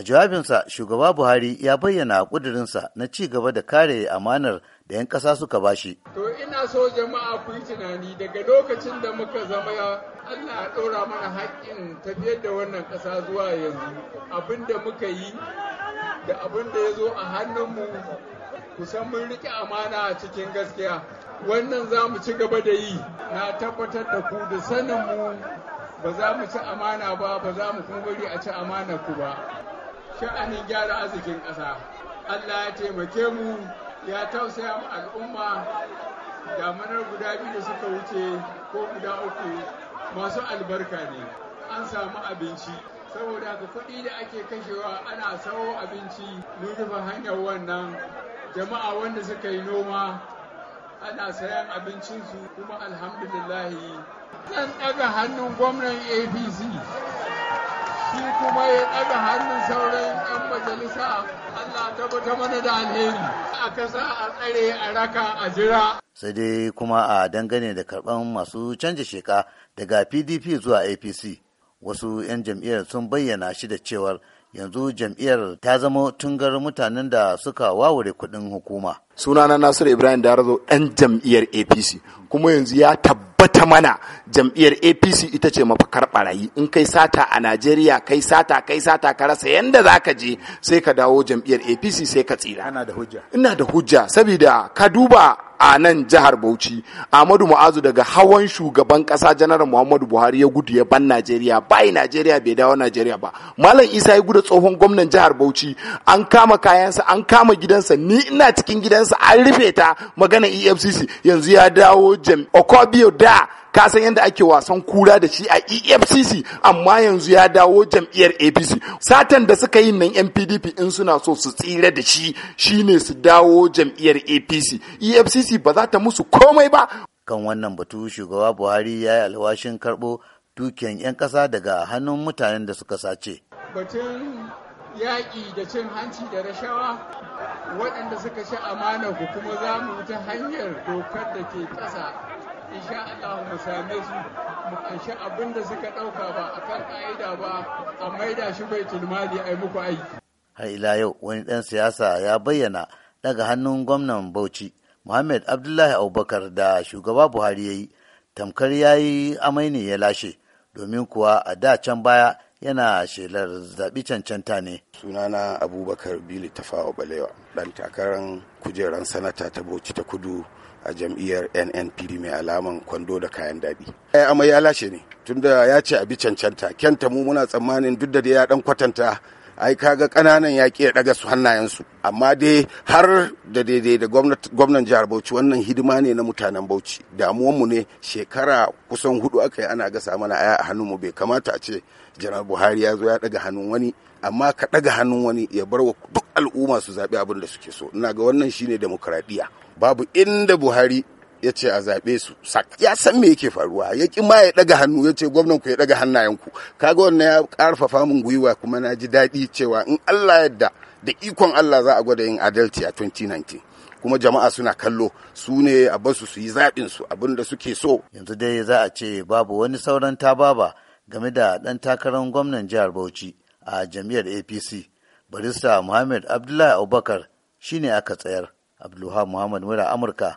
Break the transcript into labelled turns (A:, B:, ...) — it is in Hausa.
A: A jawabinsa, shugaba Buhari ya bayyana a kudurinsa na ci gaba da kare amanar da 'yan ƙasa suka bashi.
B: To ina so jama'a ku yi tunani daga lokacin da muka zama Allah ya ɗora mana haƙƙin tafiyar da wannan ƙasa zuwa yanzu abin da muka yi da abin da ya zo a hannunmu kusan mun riƙe amana a cikin gaskiya. Wannan za mu ci gaba da yi na tabbatar da ku da sanin mu ba za mu ci amana ba ba za mu kuma bari a ci amana ku ba. sha'anin gyara arzikin ƙasa. Allah ya taimake mu ya tausaya mu al'umma damanar guda biyu da suka wuce ko guda uku masu albarka ne an samu abinci saboda ka kuɗi da ake kashewa ana sawo abinci mun rufe hanyar wannan jama'a wanda suka yi noma ana sayan abincinsu kuma alhamdulillahi zan ɗaga hannun gwamnan apc kuma ya ɗaga hannun sauran 'yan majalisa Allah tabbata mana da alheri a kasa a tsare a raka a jira.
A: Sai dai kuma a dangane da karɓan masu canja sheka daga PDP zuwa APC. Wasu 'yan jam'iyyar sun bayyana shi da cewar yanzu jam'iyyar ta zama tungar mutanen da suka wawure kuɗin hukuma.
C: Sunana Nasiru Ibrahim Darazo ɗan jam'iyyar APC kuma yanzu ya tabbata tabbata mana jam'iyyar apc ita ce mafakar barayi in kai sata a najeriya kai sata kai sata ka rasa yadda za ka je sai ka dawo jam'iyyar apc sai ka tsira ina da hujja sabida ka duba a nan jihar Bauchi Ahmadu Mu'azu daga hawan shugaban kasa janar Muhammadu Buhari ya gudu ya ban Najeriya bai Najeriya bai dawo Najeriya ba Malam Isa ya gudu tsohon gwamnan jihar Bauchi an kama kayansa an kama gidansa ni ina cikin gidansa an rufe ta magana EFCC yanzu ya dawo Jam Okobio da ka san yadda ake wasan kura da shi a efcc amma yanzu ya dawo jam'iyyar apc satan da suka yi nan npdp in suna so su tsira da shi shine su dawo jam'iyyar apc
A: efcc ba za ta musu komai ba kan wannan batu shugaba buhari ya yi alwashin karɓo dukiyan 'yan ƙasa daga hannun mutanen da suka sace
B: batun yaƙi da cin hanci da rashawa waɗanda suka ci amana ku kuma za mu ta hanyar dokar da ke ƙasa insha mu same su mu anshi abin da suka ɗauka ba a kan ƙa'ida ba a maida shi bai tilmali a yi muku
A: aiki. Har ila yau wani ɗan siyasa ya bayyana daga hannun gwamnan Bauchi Muhammad Abdullahi Abubakar da shugaba Buhari ya yi tamkar ya yi amai ne ya lashe domin kuwa a da can baya yana shelar zaɓi cancanta ne. Sunana Abubakar Bili Tafawa Balewa, ɗan takarar kujerar sanata ta Bauchi
D: ta Kudu a jam'iyyar NNPD mai alaman kwando da kayan daɗi. Ai amai ya lashe ne, tunda ya ce abi cancanta, kyanta mu muna tsammanin duk da ya ɗan kwatanta ai kaga kananan yaƙi ya daga su hannayensu amma dai har da daidai da gwamnan jihar Bauchi wannan hidima ne na mutanen Bauchi damuwanmu ne shekara kusan hudu aka yi ana gasa mana aya a hannun hannunmu bai kamata a ce janar Buhari ya zo ya daga hannun wani amma ka daga hannun wani ya bar wa duk al'umma su zaɓi abin da suke so ina ga wannan shine demokradiya babu inda Buhari ya ce a zaɓe su sak ya san me yake faruwa ya ƙi ma ya ɗaga hannu ya ce gwamnan ku ya ɗaga hannayenku kaga wannan ya ƙarfafa min gwiwa kuma na ji daɗi cewa in Allah yadda da ikon Allah za a gwada yin adalci a 2019 kuma jama'a suna kallo
A: su ne a basu su yi zaɓin su abin da suke so yanzu dai za a ce babu wani sauran tababa game da ɗan takarar gwamnan jihar Bauchi a jam'iyyar APC barista Muhammad Abdullahi Abubakar shine aka tsayar Abdulhamid Muhammad Mura Amurka